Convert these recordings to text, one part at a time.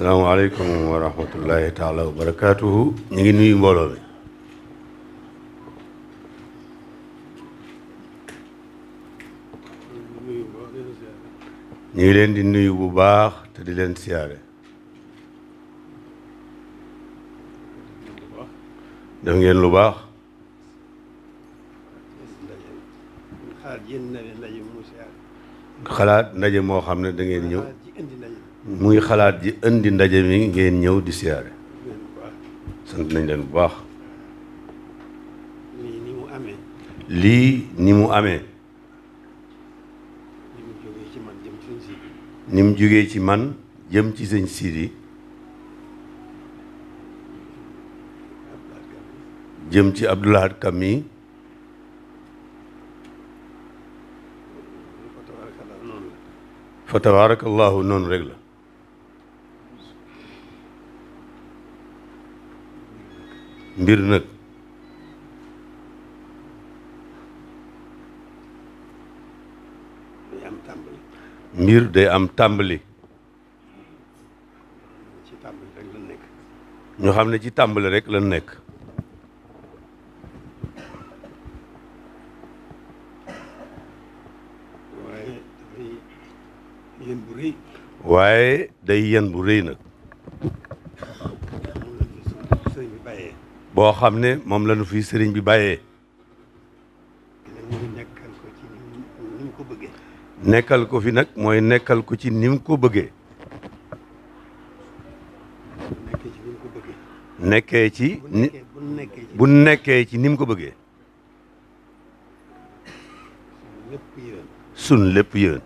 salaamaaleykum wa rahmatullahi taala wa barakaatuhu ñu ngi nuyu mbooloo mi ñu ngi leen di nuyu bu baax te di leen siyaare def ngeen lu baax xalaat ndaje moo xam ne dangeen ngeen ñëw muy xalaat ji indi ndaje mi ngeen ñëw di siyaare sant nañ leen bu baax lii ni mu amee lii ni mu jógee ci man jëm ci sëñ Sidi jëm ci Abdou Lahad Ka mi fa noonu rek la mbir nag mbir day am tàmbali ñu xam ne ci tàmbali rek lan nekk waaye day yen bu rëy nag boo xam ne moom la nu fi sëriñ bi bàyyee nekkal ko fi nag mooy nekkal ko ci ni mu ko bëggee nekkee ci bu nekkee ci ni mu ko bëggee sun lépp yéen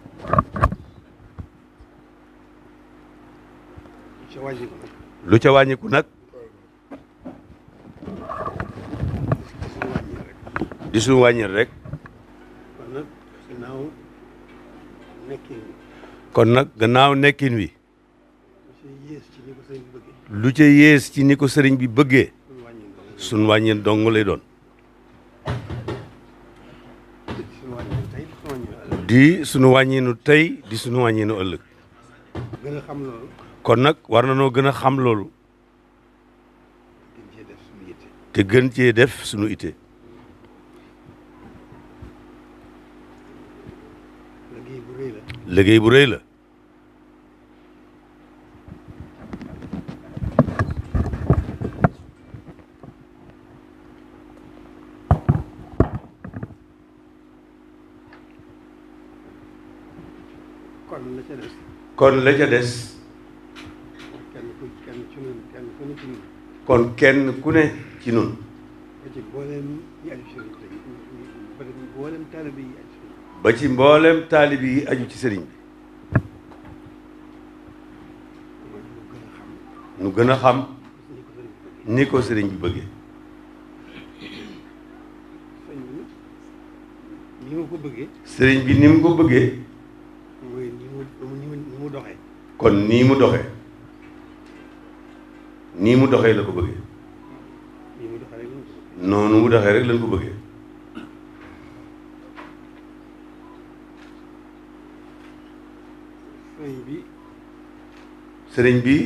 lu ca wàññiku nag di suñu wàññil rek. kon nag gannaaw nekkin wi. lu ci yées ci ni ko sëriñ bi bëggee. suñu wàññil dong lay doon. di suñu wàññinu tey di suñu wàññinu ëllëg. xam kon nag war na noo gën a xam loolu. te gën cee def sunu ite. liggéey bu rëy la. liggéey bu rëy la. kon la ca kon kenn ku kenn ne ci ñun. kon kenn ku ne ba ci mboolem ñi aju ci sëriñ bi mboolem taalibe yi ba ci mboolem taalib yi aju ci sëriñ bi nu gën a xam ni ko sëriñ bi bëggee ni mu ko bëggee sëriñ bi ni mu ko bëggee mu doxee kon nii mu doxee nii mu doxee la ko bëggee noonu mu doxee rek lañ ko bëggee sëriñ bi.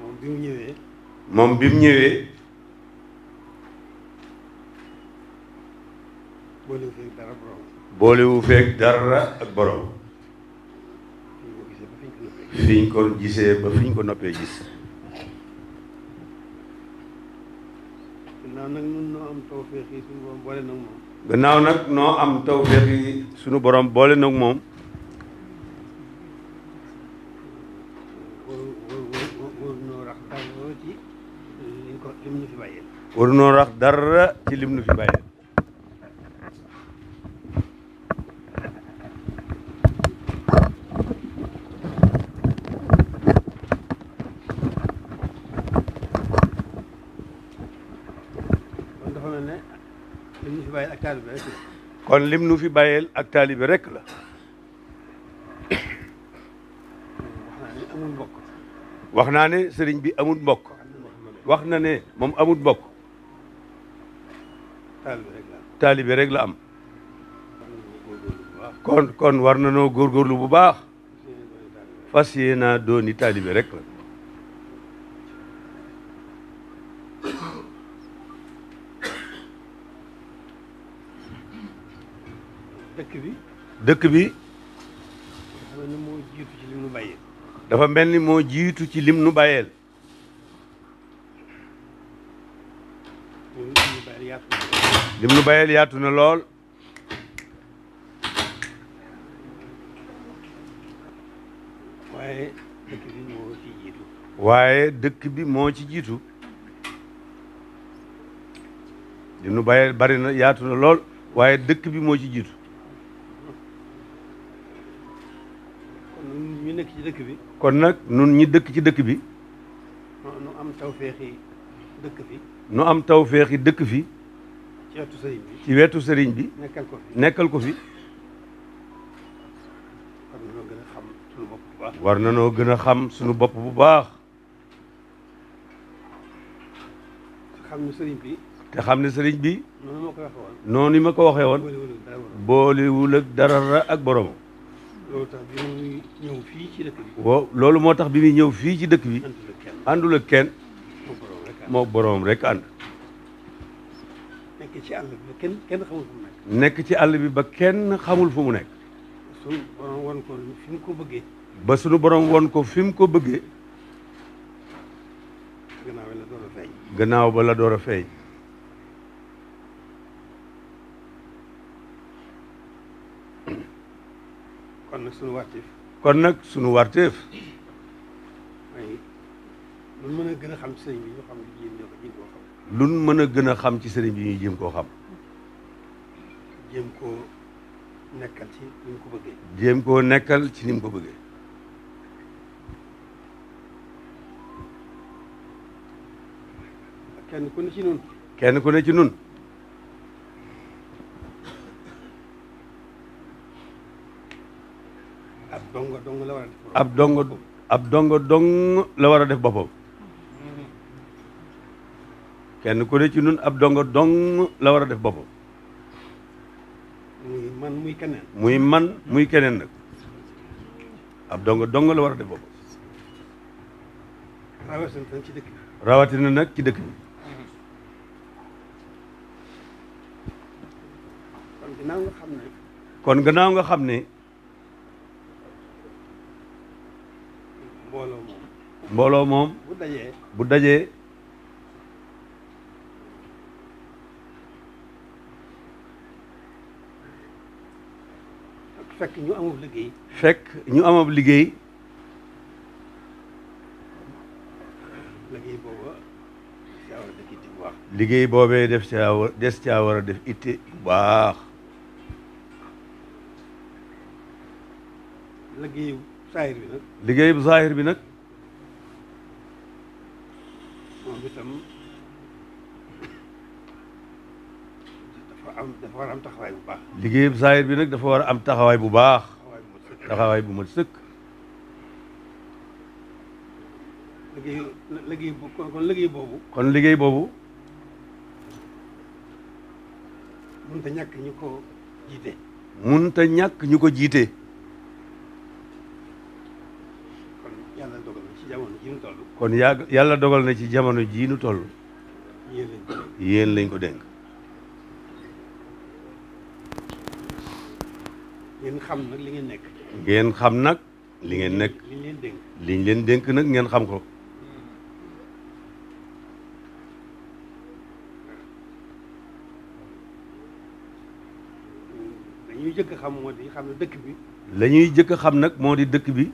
moom bi mu ñëwee. moom bi mu ñëwee. boolewu feeg dara borom. boolewu feeg dara ak borom. fiñ ko gisee ba fiñ ko noppee gis. gannaaw nag nun noo am tawféex yi sunu nag moom. gannaaw sunu borom boole nag moom. ورنو راك دار تي لمنو في باين كون لمنو في بايل اك طالب رك لا واخنا ني امون بوك واخنا ني سيرن بي امون بوك واخنا ني موم امون بوك taalibe rek la am kon kon war na noo góorgóorlu bu baax fas yéenaa dooni taalibe rek la dëkk bi dëkk bi dafa mel ni moo jiitu ci lim nu bàyyeel dafa mel ni moo jiitu ci lim nu bàyyeel lim nu bayal yaatu na lool waaye dëkk bi moo ci jiitu waaye dëkk bi moo ci jiitu lim nu bayal bari na yaatu na lool waaye dëkk bi moo ci jiitu kon nun ci dëkk bi kon nag nun ñi dëkk ci dëkk bi nu am tawféex dëkk fi nu am tawféex yi dëkk fi ci wetu sëriñ bi ci wetu sëriñ bi nekkal ko fi nekkal war na noo gën a xam suñu bopp bu baax te xam ne sëriñ bi te xam ne sëriñ bi noonu ma ko waxee woon boolewul ak dara ak borom loolu tax moo tax bi muy ñëw fii ci dëkk bi àndul kenn moo boroom rekk ànd. nekk ci àll bi ba kenn xamul fu mu nekk. nekk ci àll bi ba kenn xamul fu mu nekk. sunu borom won ko fi mu ko bëggee. ba sunu borom won ko fi mu ko bëggee. gannaaw la door a gannaaw ba la door a feeñ. kon nag sunu kon nag sunu warteef. lu mën a gën a xam ci sëriñ bi ñu xam koo xam. lu mën a gën a xam ci sëriñ bi ñu koo xam. jéem koo nekkal ci ni ko bëggee. jéem koo nekkal ci ni ko bëggee. kenn ku nun kenn ku ne ci nun ab dongo dong dongo ab la war a def boppam. kenn ku ne ci nun ab dongo dong la war a def boppam. muy man muy man muy keneen nag ab dongo dong la war a def boppam. dëkk rawatina nag ci dëkk bi. kon gannaaw nga xam ne. kon mbooloo moom. mbooloo moom. bu dajee. fekk ñu amub liggéey. fekk ñu amub liggéey. liggéey boobu liggéey boobee def caa war des caa war a def itte bu baax. liggéey bu saahir bi nag. liggéey bu saahir bi nag. moom itam. ligéeb zahir bi nak dafa wara am taxaway bu baax. taxaway bu mat ligéeb ligéeb kon ligéeb bobu kon liggéey bobu mënut a ñàkk ñu ko jiite. mënut a ñàkk ñu kon yalla dogal na ci jamono ji ñu tollu kon yàlla dogal na ci jamono jii nu toll. yéen lañ ko dénk. ngeen xam nag li ngeen nekk. ngeen xam nag li ngeen nekk. liñ leen dénk liñ leen dénk nag ngeen xam ko. dañuy jëkk xam moo di xam ne dëkk bi. lañuy ñuy jëkk xam nag moo di dëkk bi.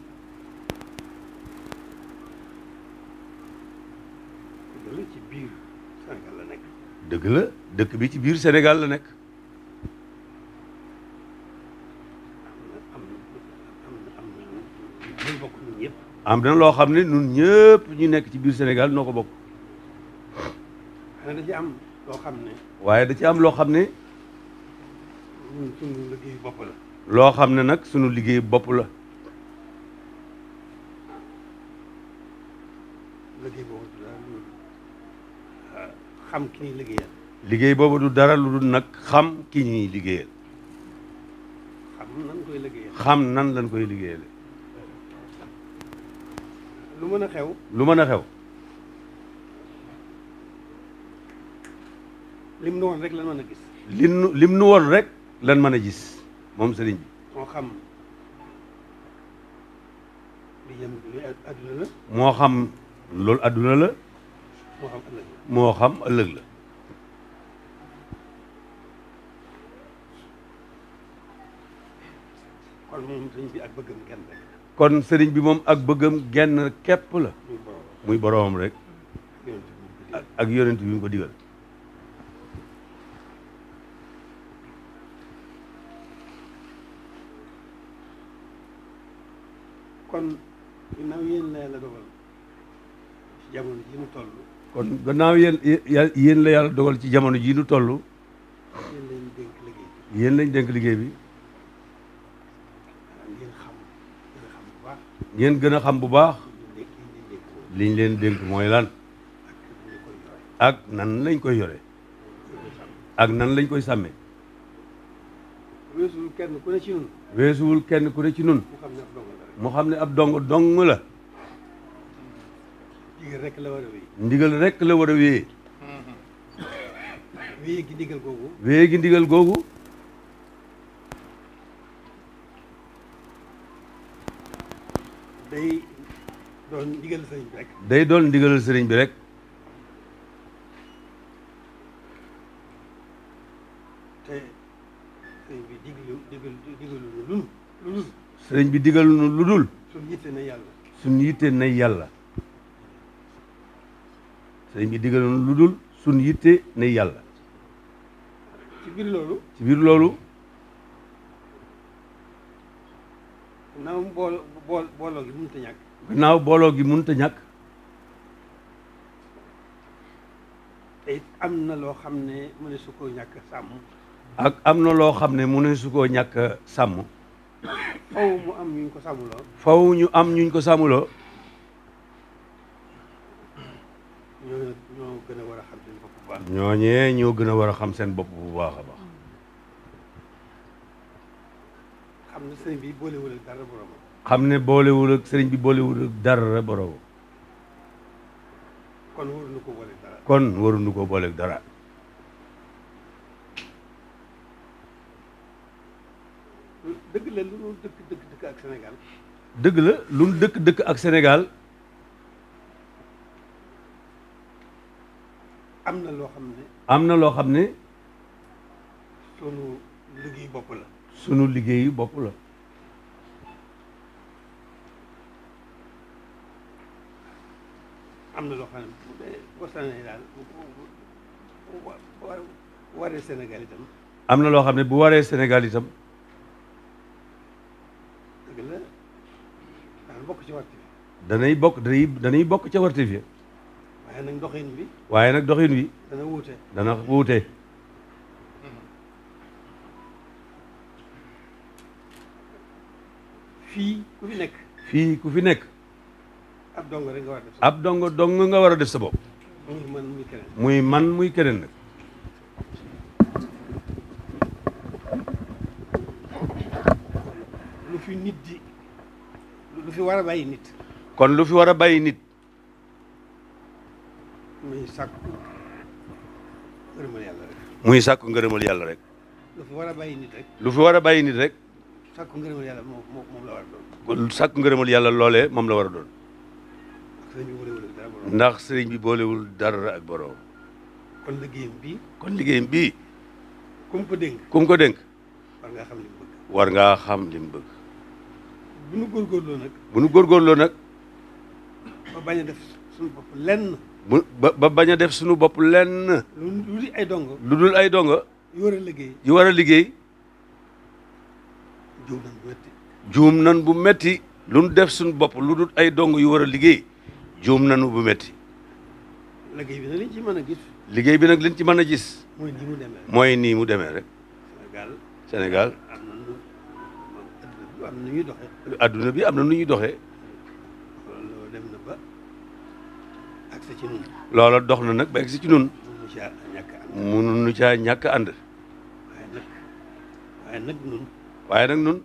dëgg la dëkk bi ci biir senegal la nekk. am na loo xam ne ñun ñëpp ñu nekk ci biir Sénégal noo ko bokk. waaye am loo xam ne. waaye da ci am loo xam ne. ñun sunu liggéey bopp la. loo xam ne nag sunu liggéey bopp la. Ah, xam ki ñuy liggéeyal. liggéey boobu du dara lu dul nag xam ki ñuy liggéeyal. xam nan koy xam nan lañ koy liggéeyale lu mën a xew lu mën a xew lim nu woon rek lan mën a gis lim nu woon rek lan mën a gis moom sëriñ bi moo xam li jëm la moo xam loolu adduna la moo xam ëllëg la moo xam ëllëg la kon moom sëriñ bi ak bëggam kenn rek kon sëriñ bi moom ak bëggam genn képp la muy boroom rek ak yonent bi ñu ko digal kon ginnaaw yéen la yàlla dogal ci jamono ji nu toll kon gannaaw yéen yéen la yàlla dogal ci jamono ji nu toll yéen lañ dénk liggéey bi ngeen gën a xam bu baax liñ leen dénk mooy lan ak nan lañ koy yore ak nan lañ koy sàmmee weesuwul kenn ku ne ci nun kenn ku ne ci nun mu xam ne ab dong dong la rek la war ndigal rek la war a wéyee wéyee gi ndigal googu doon ndigal day doon ndigalal sëriñ bi rek. te sëriñ bi digalu digalu lu dul lu dul. sëriñ bi digalu nu lu dul. suñu yitte na yàlla. suñu yàlla. sëriñ bi digalu nu lu dul suñu yitte na yàlla. ci biir loolu. gannaaw booloo booloo gi mënut a ñàkk. gannaaw booloo gi mënut a ñàkk. te am na loo xam ne mu ne su koo ñàkk sàmm. ak am na loo xam ne mu ne su koo ñàkk sàmm. faw mu am ñu ko sàmmuloo. faw ñu am ñuñ ko sàmmuloo. ñoo ñoo gën a war a xam seen bopp bu baax. ñoo gën a war a xam seen bopp xamne ne boolewul ak sëriñ bi boolewul ak dara borom kon waru ko bolé dara kon waruñu ko boole dara dëgg la lu nu dëkk dëkk dëkk ak Sénégal deug la lu nu dëkk dëkk ak Sénégal amna lo xamne amna lo xamne sunu liggéey bopp la sunu liggéeyu bopp la am na loo xam ne bu waree Sénégal itam. am na loo xam ne bu waree Sénégal itam. bokk ci warti bi. danay bokk danay bokk ca warti bi. waaye nag doxin wi. waaye nag doxin wi. dana wuute dana wuute. fii ku fi nekk. fii ku fi nekk. ab dong rek nga war a def. ab dong dong nga war a def sa bopp. muy man muy keneen. muy lu fi nit di lu fi war a bàyyi nit. kon lu fi war a bàyyi nit. muy sàkku ngërëmal yàlla rek. muy yàlla rek. lu war a bàyyi lu fi war a bàyyi nit rek. sàkku ngërëmal yàlla moom moom la war a doon. kon sàkku yàlla loolee moom la war a doon. ndax sëriñ bi boolewul dara ak borom. kon liggéeyam bii. kon liggéey bii. kom mu ko dénk ku ko dénk. war ngaa xam li mu bëgg. war ngaa xam li mu bu nu góorgóorloo nag. bu nu nag. ba bañ a def sunu bopp lenn. bu ba bañ def suñu bopp lenn. lu dul ay dongo. lu dul ay dongo. yu liggéey yu war a liggéey. juum nan bu metti lu nu def suñu bopp lu dul ay dong yu war a liggéey juum nanu bu metti liggéey bi nag liñ ci mën a gis. liggéey bi nag liñ ci mën a gis. mooy nii mu demee rek mooy nii mu demee Sénégal adduna bi am na nu ñuy doxe loolu dox na nag ba agsi ci nun. mënuñu caa ñàkk a ànd waaye nag nun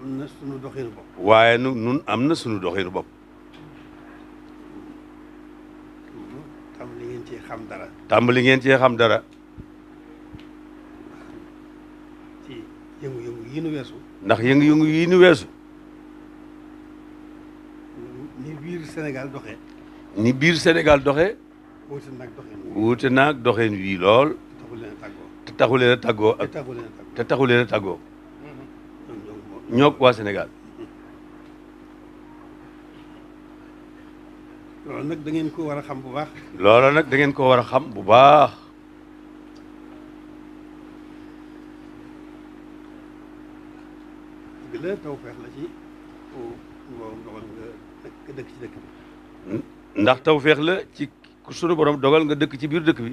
am na sunu doxinu bopp. waaye nag nun am na sunu doxinu bopp. tàmbali ngeen cee xam dara. tàmbali ngeen cee xam dara. ci weesu. ndax yëngu-yëngu yi nu weesu. ni biir Sénégal doxee. ni biir Sénégal doxee. wuute naag doxen wii lool. taxul taxu leen a ak te taxu leen a tàggoo mm-hmm. ñoo waa Sénégal mm-hmm. loolu nag da ko war a xam bu baax loolu nag da ngeen ko war a xam bu baax dëgg la tawfeex la ci borom dogal nga la ci sunu borom dogal nga dëkk ci biir dëkk bi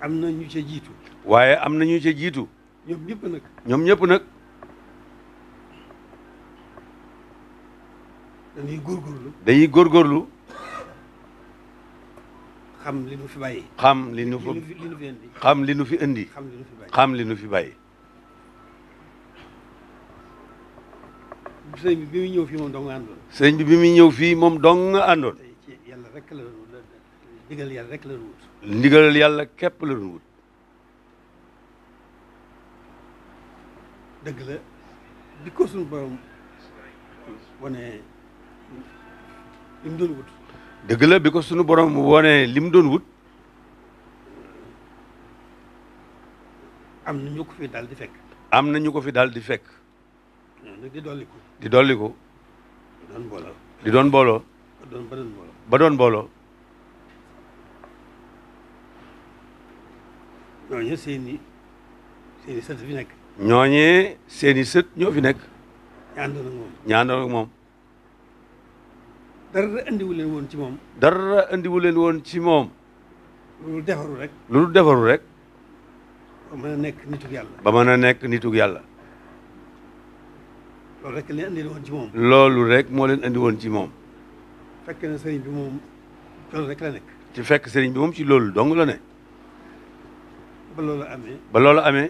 am na ñu ca jiitu. waaye am na ñu ca jiitu. ñoom ñëpp nag. ñoom ñëpp nag. dañuy góorgóorlu. dañuy góorgóorlu. xam li nu fi bàyyi. xam li nu fi indi. xam li nu fi indi. xam li nu fi bàyyi. sëñ bi bi muy ñëw fii moom dong nga bi muy ñëw fii moom dong nga àndoon. yàlla rek la doon digal ndigalal yàlla képp la doon wut. dëgg la bi ko suñu borom wane lim doon wut. dëgg la bi ko suñu borom wone lim doon wut. am na ñu ko fi dal di fekk. am na ñu ko fi dal di fekk. di dolli ko. di dolli ko. di doon booloo. di doon booloo. ba doon booloo. ñooñu seeni seeni sët fi nekk. ñooñee seeni sët ñoo fi nekk. ñaandoon ak moom ñaandoon ak moom. dara andiwu leen woon ci moom. dara andiwu leen woon ci moom. lu defaru rek. lu defaru rek. ba mën a nekk nitug yàlla. ba mën a nekk nitug yàlla. loolu rek leen andi loolu rek moo leen andi woon ci moom. fekk na sëriñ bi moom loolu rek ci fekk sëriñ bi moom ci loolu dong la ne. ba loolu amee. ba loolu amee.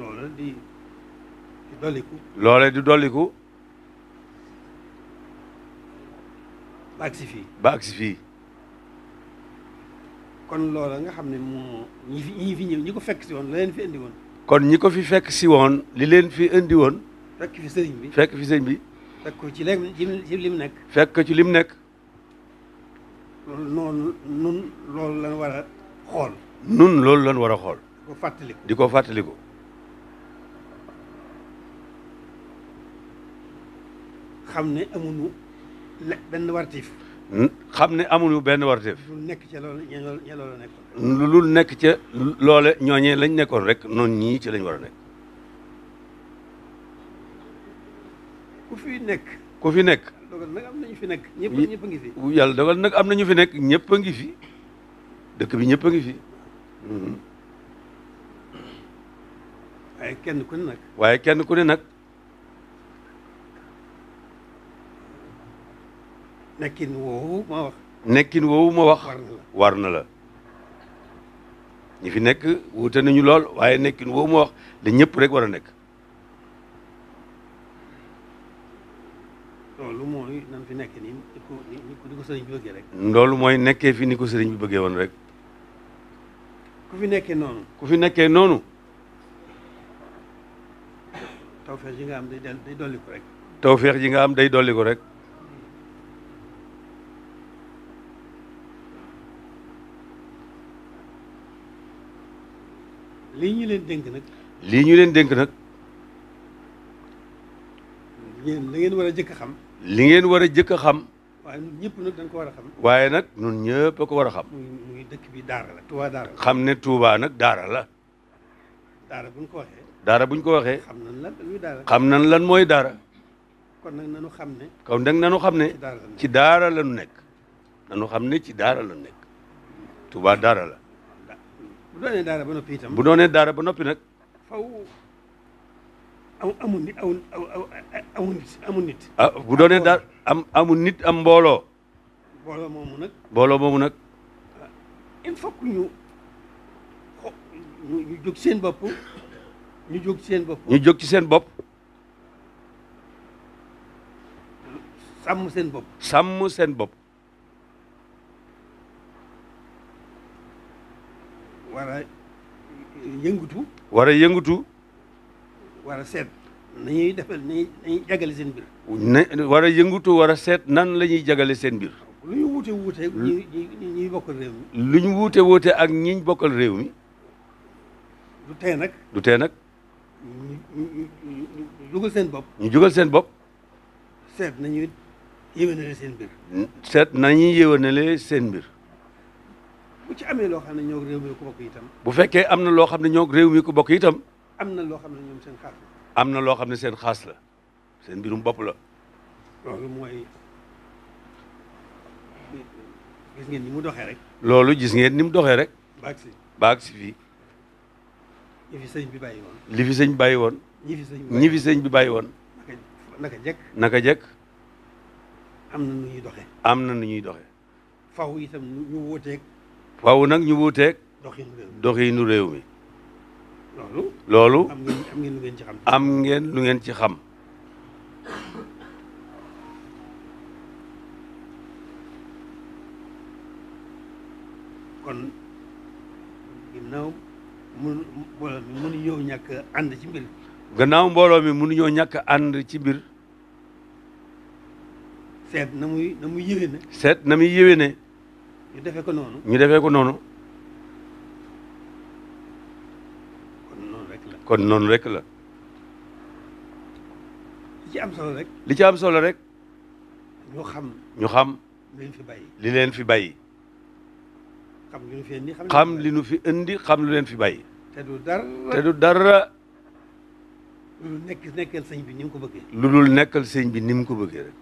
loola di di dolliku. loola di dolliku. ba agsi fii. ba agsi fii. kon loola nga xam ne moo ñi fi ñi fi ñëw ñi ko fekk si woon la leen fi indi woon. kon ñi ko fi fekk si woon li leen fi indi woon. fekk fi sëriñ bi fekk fi sëriñ bi. fekk ko ci léegi ci li mu nekk. fekk ko ci li mu nekk. loolu noonu nun loolu lañ war a xool. nun loolu lañ war a xool. di ko fàttaliku di ko fàttaliku. xam ne amuñu benn wartiif. xam ne amuñu benn wartiif. lu nekk ca loolu ña nekk ca loole ñooñee lañ nekkoon rek noon ñii ci lañ war a nekk. ku fi nekk. ku fi nekk. nag am nañu fi nekk ñëpp ñëpp ngi fi. yàlla dogal nag am nañu fi nekk ñëpp a ngi fi dëkk bi ñëpp a ngi fi. Hmm. waaye kenn ku nag. waaye kenn ku ne nag. nekkin woowu ma wax. nekkin woowu ma wax. war na la ñi fi nekk wuute nañu lool waaye nekkin woowu ma wax la ñëpp war a nekk. loolu mooy nan fi nekk nii ni ko ni ko sëriñ bi bëggee rek. loolu mooy nekkee fi ni ko sëriñ bi bëggee woon rek. ku fi nekkee noonu. ku fi nekkee noonu. tawfeex ji nga am day day dolli ko rek. tawfeex ji nga am day dolli ko rek. lii ñu leen dénk nag. lii ñu leen dénk nag. yéen la ngeen war a jëkk xam. li ngeen war a jëkk a xam. waaye ñun nag dañ ko war a xam. waaye nag ñun ñëpp a ko war a xam. bi daara la Touba xam ne Touba nag daara la. daara buñ ko waxee. daara buñ ko waxee. xam nan lan xam nan lan mooy daara. kon nag nanu xam ne. kon nag nanu xam ne. ci daara la nu nekk. nanu xam ne ci daara la nu nekk. Touba daara la. bu doonee daara ba noppi itam. bu doonee daara ba noppi nag. faw amul nit amul amul nit amul nit. ah am nit am mbooloo. mbooloo moomu nag. mbooloo moomu nag. il faut ñu ñu jóg seen bopp ñu jóg seen bopp. ñu jóg ci seen bopp. sàmm seen bopp. sàmm seen bopp. war a yëngatu. war yëngatu. war a seet na ñuy defal na ñuy jagale seen mbir. na war a yëngutu war a seet nan la ñuy jagale seen mbir. lu ñu wuute wuute ak ñi ñi bokkal réew mi. lu ñu wuute wuute ak ñiñ bokkal réew mi. du tee nag. du tee nag. ñu jugal seen bopp. ñu jugal seen bopp. seet nañu yéwénale seen mbir. seet nañuy yéwénale seen mbir. bu ci amee loo xam ne ñoo réew mi ko bokk itam. bu fekkee am na loo xam ne ñoo réew mi ko bokk itam. am na loo xam ne ñoom seen xaas am na loo xam ne seen xaas la seen mbirum bopp la. loolu mooy gis ngeen ni mu doxee rek. loolu gis ngeen ni mu doxee rek. baag si baag fi sëñ bi bàyyi woon. li fi sëñ bàyyi woon. ñi fi bi ñi fi bàyyi woon. naka jekk naka jekk. am na nu ñuy doxe am na nu ñuy doxe faw itam ñu wuuteeg. faw nag ñu wuuteeg. doxi réew mi doxinu mi. loolu am ngeen lu ngeen ci xam kon ginnaaw mbooloo mi mënuñoo ñàkk ànd ci mbir gannaaw mbooloo mi nu mënuñoo ñàkk ànd ci mbir seet na muy na muy seet na muy yéwéne ñu defe ko noonu ñu defee ko noonu kon noonu rek la. li ci am solo rek. li ci am solo rek. ñu xam. ñu xam. li leen fi bay li leen fi bay xam li nu fi indi xam li nu fi indi xam lu leen fi bay te du dara lu dul nekk sëñ bi ni mu ko bëggee. lu dul nekkal sëñ bi nim ko bëggee rek.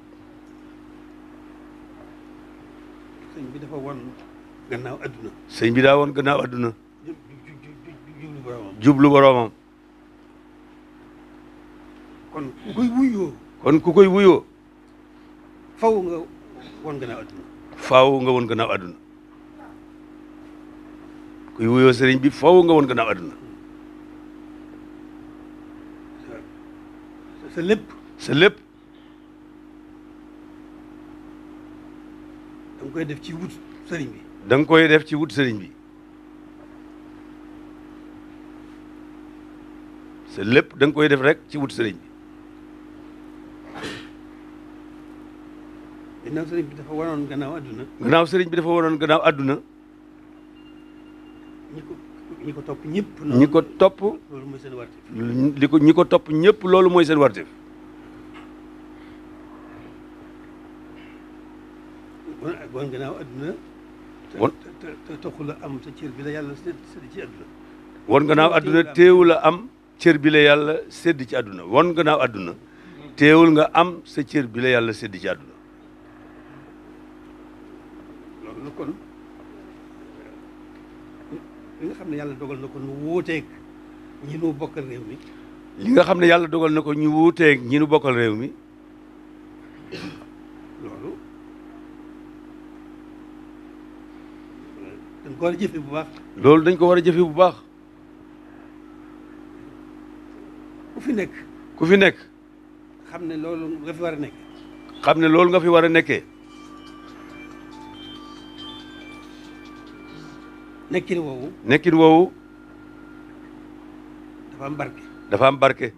sëñ bi dafa won gannaaw adduna. sëñ bi daa won gannaaw adduna. jublu boromam. jublu kon wuyo koy wuyoo. kon ku koy wuyoo. faaw nga woon nga woon gannaaw àdduna. kuy wuyoo sëriñ bi faaw nga woon gannaaw àdduna. sa lépp. sa lépp. da koy def ci wut sëriñ bi. da koy def ci wut sëriñ bi. sa lépp da koy def rek ci wut sëriñ bi. ginaaw sëriñ bi dafa waroon gannaaw aduna gannaaw sëriñ bi dafa waroon gannaaw aduna ñi ko ñi ko topp ñëpp. ñi ko topp loolu wan gannaaw am sa cër bi la yàlla sédd ci aduna wan gannaaw aduna teewu la am cër bi la yàlla ci nga am sa cër bi la yàlla sédd ci aduna na kon li nga xam ne yàlla dogal na ko nu wuuteeg ñi nu bokkal réew mi. li nga xam ne yàlla dogal na ko ñu wuuteeg ñi nu bokkal réew mi. loolu dañ ko war a jëfee bu baax. loolu dañ ko war a jëfee bu baax. ku fi nekk. ku fi nekk. xam ne loolu nga fi war a nekkee. xam ne loolu nga fi war a nekkee. nekkin woowu. nekkin woowu. dafa am barke. dafa am barke.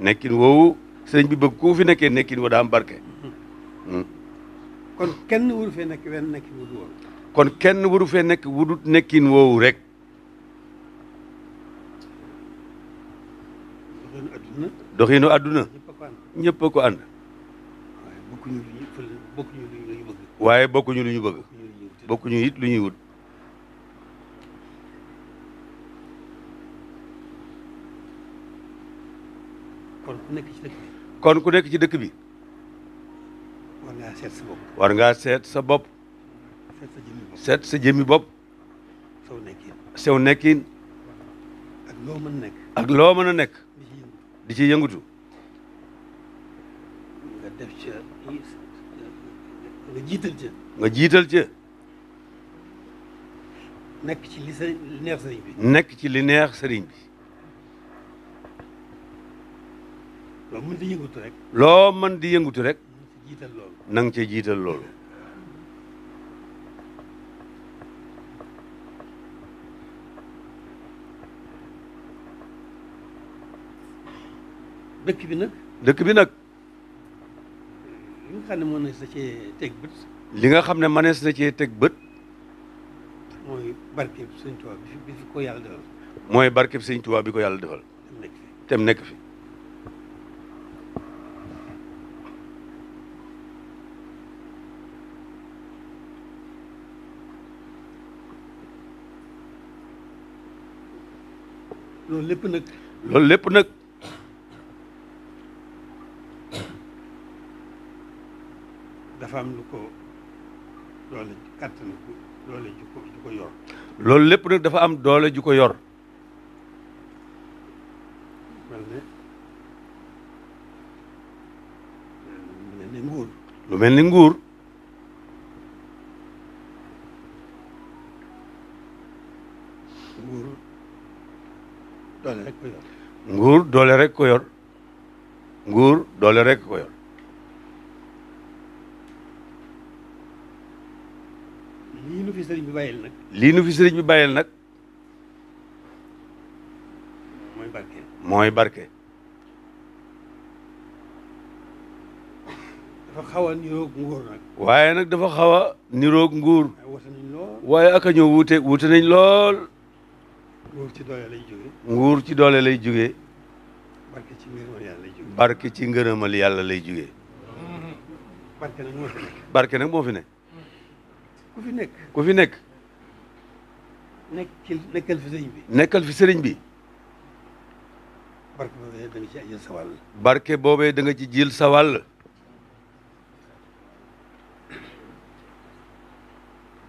nekkin woowu sëriñ bi bëgg ku fi nekkee nekkin woo daa barke. Hmm. kon kenn waru fee nekk wenn nekkin wu kenn waru fee nekk wudut nekkin woowu rek. doxinu adduna. doxinu ko ànd. waaye bokkuñu lu ñu lu ñu bëgg. bokkuñu it lu ñuy wut kon ku nekk ci dëkk bi kon ku nekk ci dëkk bi war ngaa seet sa bopp war seet sa bopp seet sa jëmmi bopp sew nekkin nekkin ak loo mën a nekk ak loo di ci yëngutu nga def ca nga jiital ca nekk ci li neex sëriñ bi. nekk ci li neex sëriñ bi. loo mën di yëngatu rek. loo mën di yëngatu rek. na nga cee jiital loolu. dëkk bi nag. dëkk bi nag. li nga xam ne mënees na cee teg bët. nga xam ne mënees na cee teg bët. barkeb sëñ Tuubaa bi fi ko yàlla defal. mooy barkeb sëñ Tuubaa bi ko yàlla defal. tem nekk fi. loolu lépp nag. loolu lépp nag. dafa am lu ko loolu kàttan loolu ju ko ju loolu lépp nag dafa am doole ju ko yor mel ni nguur nguur doole rek ko yor nguur doole rek ko yor nguur doole rek ko yor lii nu fi sëriñ bi bàyyil nag. lii nu fi sëriñ nag. mooy barke. mooy barke. dafa nguur nag. waaye nag dafa xaw a niroog nguur. waaye ak a ñëw wuute wuute nañ lool. nguur ci doole lay jógee. nguur ci doole lay jógee. barke ci ngërëmal yàlla lay jógee. barke ci ngërëmal yàlla lay jógee. barke nag moo fi nekk. nag moo fi ku fi nekk ku fi nekk. nekk nekkal fi sëriñ bi. nekkal fi sëriñ bi. barke boobee da nga ci jël sa wàll. barke boobee da nga ci jil sa wàll.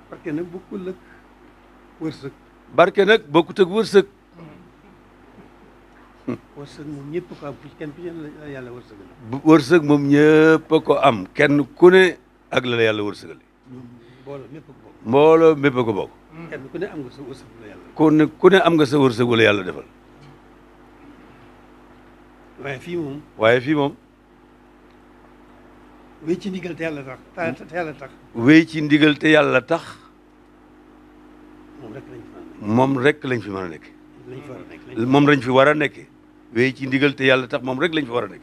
barke nag bokkul ak wërsëg. barke nag bokkut ak wërsëg. wërsëg moom ñëpp ko am kenn ku ne la wërsëg moom ñëpp kenn ku ne ak la la yàlla wërsëgal. mbolo mépp ko bok kenn ku ne am nga sa wursugul yalla yàlla. ku ne ku ne am nga sa wursugul yalla yàlla defal. waaye fii moom. waaye fii moom. wéy ci ndigal te yàlla tax te yàlla tax. wéy ci ndigal te yàlla tax. moom rek lañ fi mëna nek mom moom lañ fi wara nek nekk. ci ndigal te yàlla tax moom rek lañ fi war a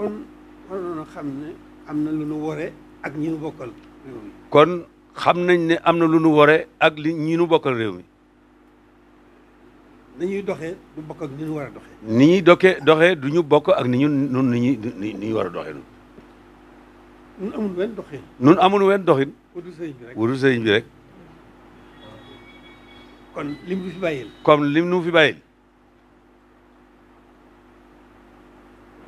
kon waroon na xam ne lu nu waree. ak ñi nu bokkal réew mi kon xam nañ ne am na lu nu ware ak li ñi nu bokkal réew mi ni ñuy doxee du bokk ak ni ñu war a doxee ni ñuy doxee doxee du ñu bokk ak ni ñu nun ni ñuy ni ñu war a doxee nun nun amul wenn doxin nun amul wenn doxin wudu sëriñ bi rek wudu sëriñ bi rek kon lim nu fi bàyyil comme lim nu fi bàyyil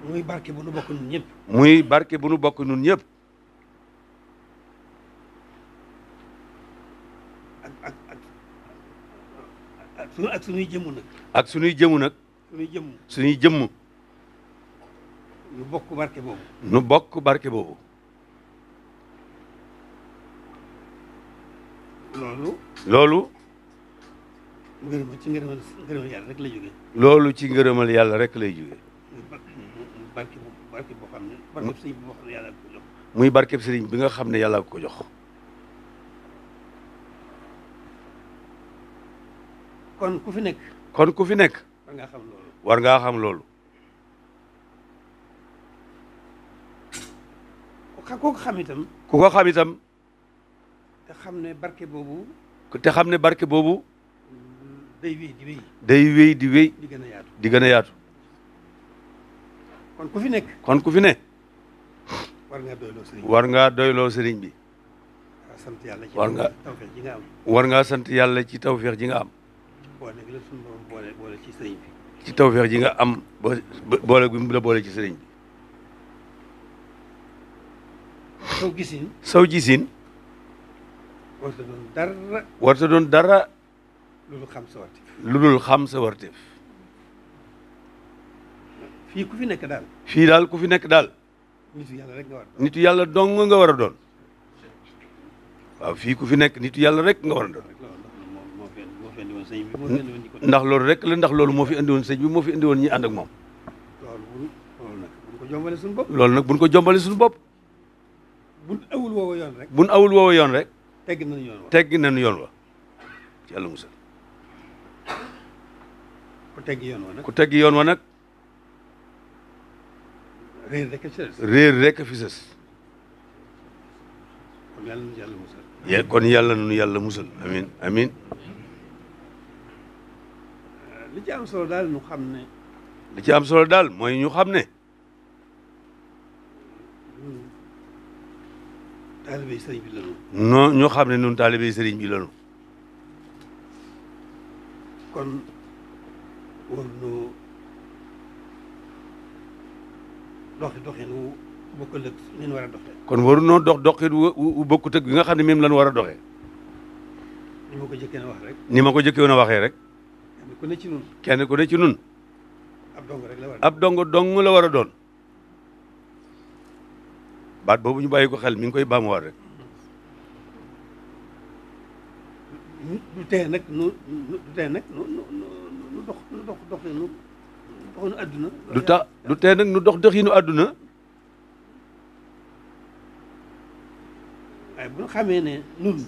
muy barke bu nu bokk nun ñëpp muy barke bu nu bokk nun ñëpp sunu ak sunuy jëmm nag. ak sunuy jëmm nag. sunuy jëmm sunuy jëmm. nu bokk barke boobu. nu bokk barke boobu. loolu. loolu. ci ngërëmal ngërëmal yàlla rek lay jógee. loolu ci ngërëmal yàlla rek lay jógee. barke barke boo xam ne. barke sëriñ bi nga xam ne yàlla muy barke sëriñ bi nga xam ne yàlla ko jox. kon ku fi nekk. kon ku fi nekk. war ngaa xam loolu. war ngaa xam loolu. ku ko xam itam. ku ko xam itam. te xam ne barke boobu. te xam ne barke boobu. day wéy di wéy. day wéy di wéy. di gën a yaatu di gën a yaatu. kon ku fi nekk. kon ku fi ne. war ngaa doyloo sëriñ bi war ngaa doyloo sëriñ bi. sant yàlla ci tawfeex ji nga am. war ngaa sant yàlla ci tawfeex ji nga am. ci taw tawfeex ji nga am ba boole bi mu la boole ci sëriñ bi. saw gisin saw gisin. warta doon dara. warta doon dara. lu dul xam sa lu dul xam sa fii ku fi nekk daal. fii daal ku fi nekk daal. nitu yàlla rek nga war doon nitu yàlla dong nga war a doon. waaw fii ku fi nekk nitu yàlla rek nga war a doon. ndax loolu rek la ndax loolu moo fi indi woon bi moo fi indi woon ñi ànd ak moom. loolu nag buñ ko jombale suñu bopp. buñ awul woowa yoon rek. buñ awul woowa yoon rek. tegg nañu yoon wa tegg nañu yoon wa yàlla musal. ku teggi yoon wa nag ku teggi yoon kon yàlla nu yàlla yàlla musal amiin amiin. li ci am solo daal ñu xam ne. li ci am solo daal mooy ñu xam ne. taalibe sëriñ bi lanu. ñu xam ne ñun taalibe sëriñ bi lanu. kon war nañoo dox doxin wu bokkul ak li ñu war a doxee. kon waruñoo dox doxin wu bokkut ak bi nga xam ne même lan war a doxee. ni ma ko jëkkee na wax rek. ni ma ko jëkkee na waxee rek. ku ci nun kenn ku ne ci nun ab dong rek la war ab dong la war a doon baat boobu ñu bàyyi ko xel mi ngi koy baamuwaat rek. du tee nag nu du tee nag nu nu dox nu dox àdduna. du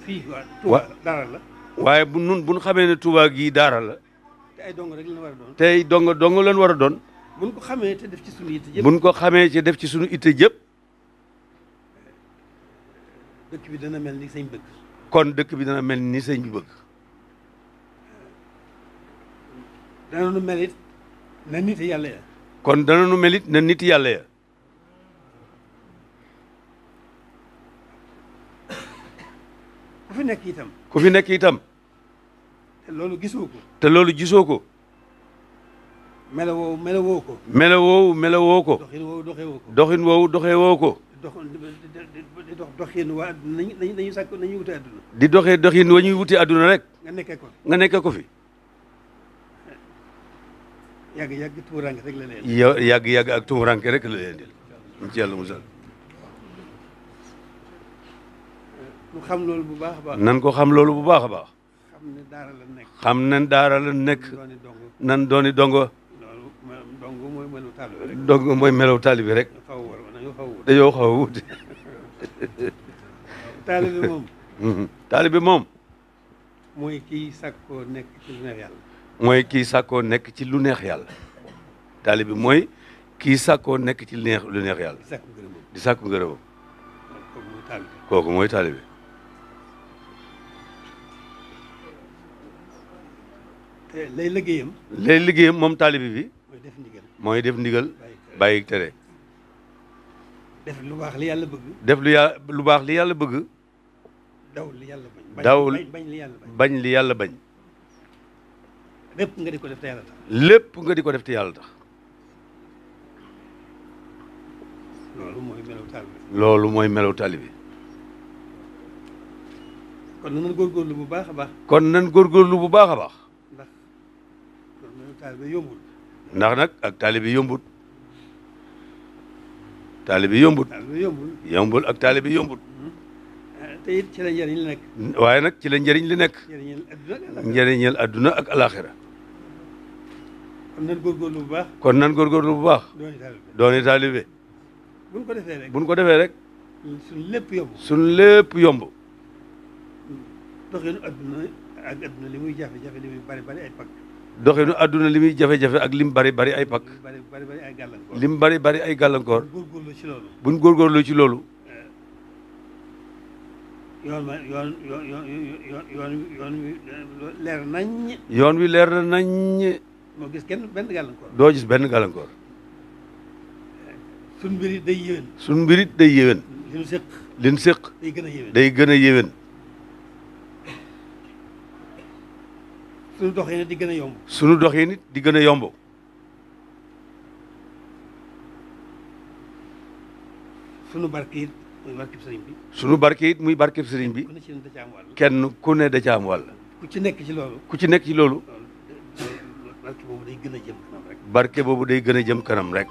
tax du waaye bu nun waa bu nun bu ñu xamee ne Touba gii daara la. ay dong rek lañ war a doon. tey dong dong lañ war a doon. buñ ko xamee te def ci suñu itte yëpp buñ xamee te def ci suñu itte yëpp. dëkk bi dana mel ni sëñ bëgg. kon dëkk bi dana mel ni sëñ bi bëgg. danañu mel it na nit yàlla ya. kon danañu mel melit na nit yàlla ya. ku fi nekk itam. ku fi nekk itam. te loolu gisoo ko. te loolu gisoo ko. melawoo melawoo ko. melawoo melawoo ko. doxin woowu doxee woo doxin woowu doxee woo ko. di dox doxin waa nañu nañu sàkk nañu wute àdduna. di doxee doxin wa ñuy wute àdduna rek. nga nekkee ko nga nekkee ko fi. yàgg yàgg tuuranke rek la leen. yàgg yàgg ak tuuranke rek la leen di. ci xam loolu bu baax a baax. nan ko xam loolu bu baax a baax. xam nañ dara la nek nan doni dongo dongo moy melow talibi rek dañoo xaw a wuute taalibi moom mm-hmm. talibi mom moy ki sàkkoo nek ci lu neex yàlla mooy kii sàkkoo nekk ci lu neex yalla talibi moy ki sàkkoo nek ci lu neex lu neex yàlla di sàkku ngërëmam koku moy talibi lay liggéeyam. lay liggéeyam moom taalibi bi. mooy def ndigal mooy def ndigal bàyyi tere. def lu baax li yàlla bëgg. def lu baax li yàlla bëgg. daw li yàlla bañ. daw bañ bañ. li yàlla bañ. lépp nga di ko def te yàlla tax. nga di ko def te yàlla tax. loolu mooy melaw taalibe. loolu mooy melaw taalibe. kon nan góor bu baax a baax. kon nan góorgóorlu bu baax a baax. taalibe yombut. ndax nag ak taalibe yombut. taalibe yombut. taalibe yombul yombul ak taalibe yombut. Eh, te it ci la njëriñ li nekk. waaye nag ci la njëriñ li nekk. njëriñal adduna ak alaxira kon nan góorgóorlu bu baax. kon nan góorgóorlu bu baax. dooni taalibe dooni taalibe. bu ñu ko defee rek bu ñu ko defee rek. suñ lépp yomb. suñ lépp yomb. doxinu adduna ak adduna li muy jafe-jafe li muy bari bari ay pàcc. doxinu àdduna li muy jafe-jafe ak lim bari bari ay pakk lim bari bari ay gàllankoor buñ góorgóorlu ci loolu eh, yoon wi yoon wi leer nañ. yoon wi leer nañ. doo gis kenn benn gàllankoor. doo gis benn gàllankoor. Eh, sunu mbir it day yéwén. sunu mbir it day gën a gën a yéwén. suñu doxin it di gën a yomb. suñu doxin it di gën a yomb. suñu barke it muy barke sëriñ bi. suñu barke it muy barkeb bi. kenn ku ne da ca am wàll. ku ci nekk ci loolu. ku ci nekk ci loolu. barke boobu day gën a jëm kanam rek. barke boobu day gën a jëm kanam rek.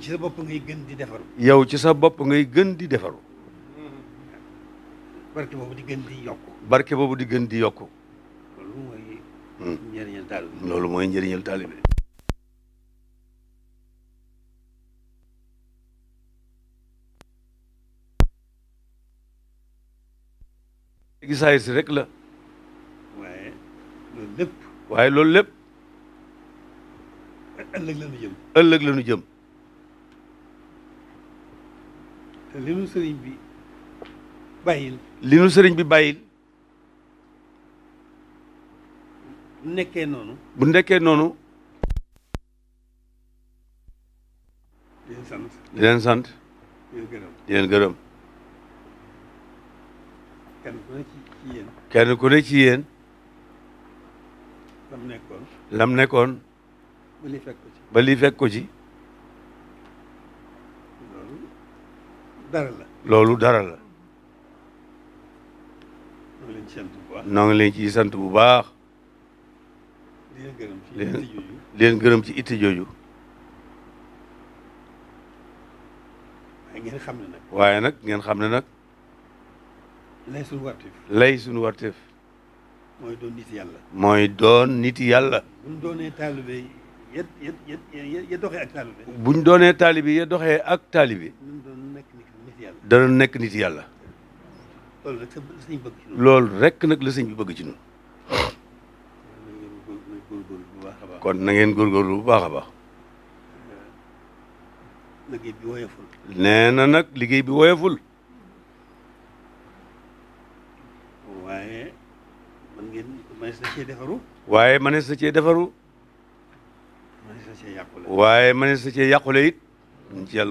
ci sa bopp ngay gën di defaru. yow ci sa bopp ngay gën di defaru. barke boobu di gën di yokk barke boobu di gën di yokku. njëriñal taalibe loolu mooy njëriñal taalibe gisaay si rek la waaye loolu lépp waaye loolu lépp ëllëg la ñu jëm ëllëg la ñu jëm li nu sëriñ bi bàyyil li sëriñ bi bàyyil bu nekkee noonu. bu nekkee noonu. di leen sant. di gërëm di leen ne ci lam nekkoon. ba lii fekk ko ci. ba loolu dara la. loolu dara la. noo ngi leen ci sant bu baax. leen leen gërëm ci itti jooju waaye nag ngeen xam ne nag lay suñu warteef lay suñu warteef mooy doon nit yàlla mooy doon nit yàlla buñ doonee taalibe ya ya ya doxee ak taalibe buñ doonee taalibe ya doxee ak taalibe dana nekk nit yàlla loolu rek nag la sëñ bi bëgg ci ñun kon nangeen ngeen góorgóorlu bu baax a baax. liggéey bi woyoful. nee na nag liggéey bi woyoful. waaye man ngeen mënees cee defaru. waaye mënees na cee defaru. mënees na cee yàqule. waaye mënees na cee yàqule it. ñu ci kon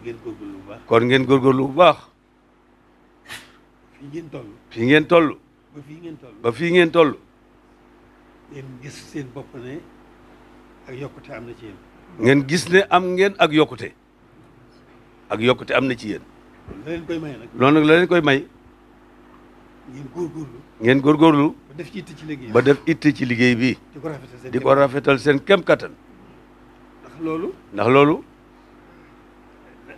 ngeen góorgóorlu lu baax. kon ngeen góorgóorlu bu baax. fii ngeen toll. fii ngeen toll. ba fii ngeen toll. ba fii ngeen toll. ngeen gis seen bopp ne ak yokkute am na ci yéen. ngeen gis ne am ngeen ak yokkute ak yokkute am na ci yéen. la nag. loolu nag la leen koy may. ngeen góorgóorlu. ngeen ba def itte ci liggéey ba def itte ci liggéey bi. di ko rafetal seen di rafetal seen kem kattan. ndax loolu. ndax loolu.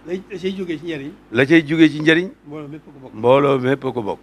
la ciy jóge ci njëriñ. la cay jógee ci njëriñ. mbooloo mépp ko bokk mbooloo ko bokk.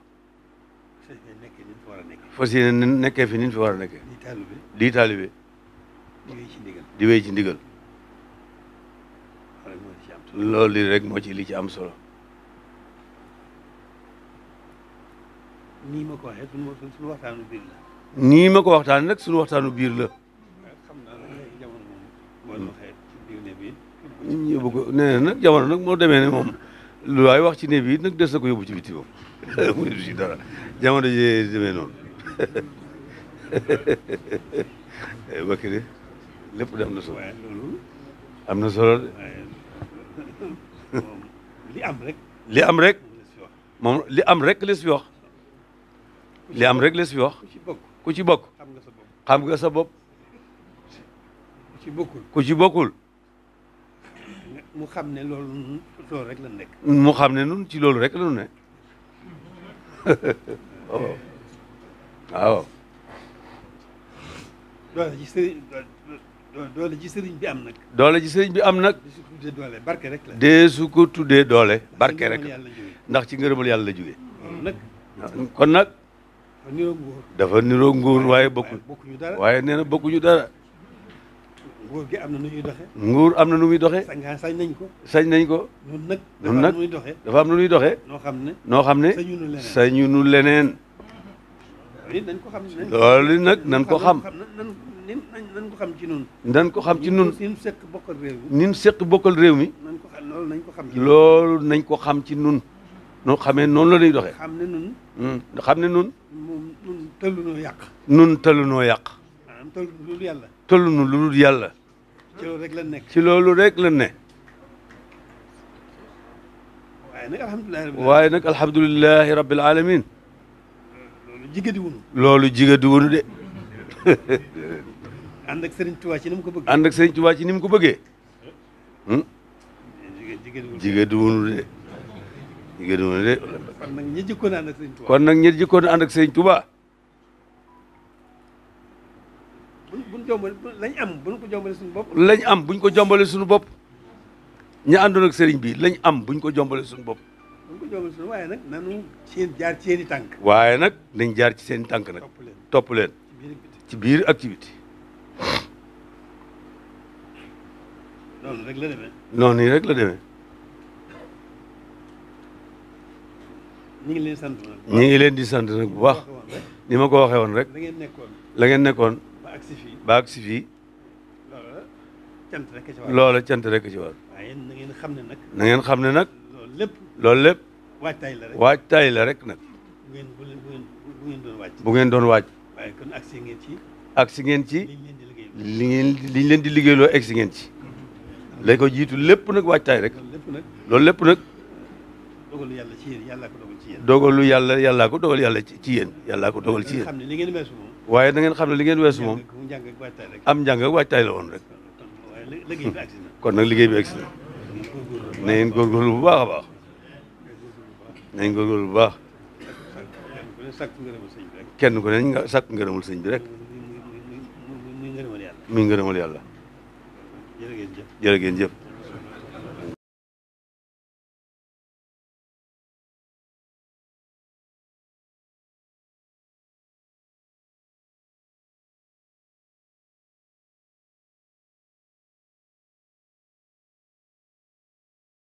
fas yéene nekkee fi nin fi war a nekkee. di taalibe di taalibe. di wéy ci ndigal di wéy ci ndigal. loolu li rek moo ci li ci am solo. nii ma ko waxee sunu waxtaanu biir ma ko waxtaanee nag sunu waxtaanu biir la. yóbbu ko nee na nag jamono nag moo demee ne moom lu waay wax ci néeg bi nag des na ko yóbbu ci biti moom mu si dara jamono jee demee noonu. Eh, Bakary lépp de am na solo am na solo de li am rek li am rek moom li am rek les fi wax li am rek les fi wax ku ci bokk xam nga sa bopp ku ci bokkul mu xam ne loolu loolu rek la nekk mu xam ne nun ci loolu rek la nu waaw. doole ji sëriñ doole bi am nag. doole ji sëriñ bi am nag. ko tuddee doole barke rek la. deesu ko tuddee doole barke rek la ndax ci ngërëmal yàlla la jógee. kon nag. dafa niroog nguur dafa niroog nguur waaye bokku waaye nee na bokkuñu dara. nguur gi am na nu ñuy doxee. nguur am na nu muy doxee. sañ nañ ko. sañ nañ ko. nag muy doxee. dafa am nu muy doxee. noo xam ne. noo xam ne sañu nu leneen. nañ ko xam loolu nag nañ ko xam. nañ ko xam ci nun nañ ko xam ci nun nin seq bokkal réew mi. bokkal réew mi. nañ ko loolu nañ ko xam ci nun loolu nañ ko xam ci nun noo xamee noonu la lay doxee. xam ne nun hmm, xam ne nun moom nun tëllunoo yàq. yàq. lu yàlla. tëllunu lu dul yàlla. ci loolu rek la nekk. ci loolu rek la ne. waaye nag nag alhamdulilah rabbil alamin jigadiwunu loolu jigadiwunu de ànd ak Serigne Touba ci ni mu ko bëggee ànd ak Serigne Touba ci ni ko bëggee hmm? jigadiwunu de jigadiwunu de kon nag ñi jëkkoon ànd ak Serigne Touba kon nag ñi jëkkoon ànd ak Serigne buñ jombale lañ am buñ ko jombale suñu bopp lañ am buñ ko jombale suñu bopp ñi àndoon ak Serigne bi lañ am buñ ko jombale suñu bopp joomal waaye nag nanu seen jaar ci tànk waaye nag nañ jaar ci seen i tànk nag topp leen ci biir ak ci biti noonu rek rek la demee ñu ngi leen sant nag ngi leen di sant nag bu baax ni ma ko waxee woon rek la ngeen nekkoon la ngeen nekkoon ba agsi fii ba agsi fii loola cant rek ci war waaye na xam ne nag na ngeen xam ne nag loolu lépp loolu lépp waajtaay la rek waajtaay la rek nag. bu ngeen bu ngeen doon wàcc. bu ngeen doon wàcc. waaye kon agsi ngeen ci. agsi ngeen ci. li ngeen li leen di liggéeyloo si ngeen ci. la ko jiitu lépp nag waajtaay rek. loolu lépp nag. dogalu yàlla ci yéen yàllaa ko ci yéen. dogalu yàlla yàllaa ko dogal yàlla ci yéen yàllaa ko dogal ci yéen. waaye da ngeen xam ne li ngeen weesu moom. am njàng ak waajtaay la woon rek. kon nag liggéey bi agsi na. na ngeen góorgóorlu bu baax a baax. nañ góorgóorlu bu baax kenn ku ne nga sàkk ngërëmul sëñ bi rek mi ngërëmal yàlla jërë ngeen jëf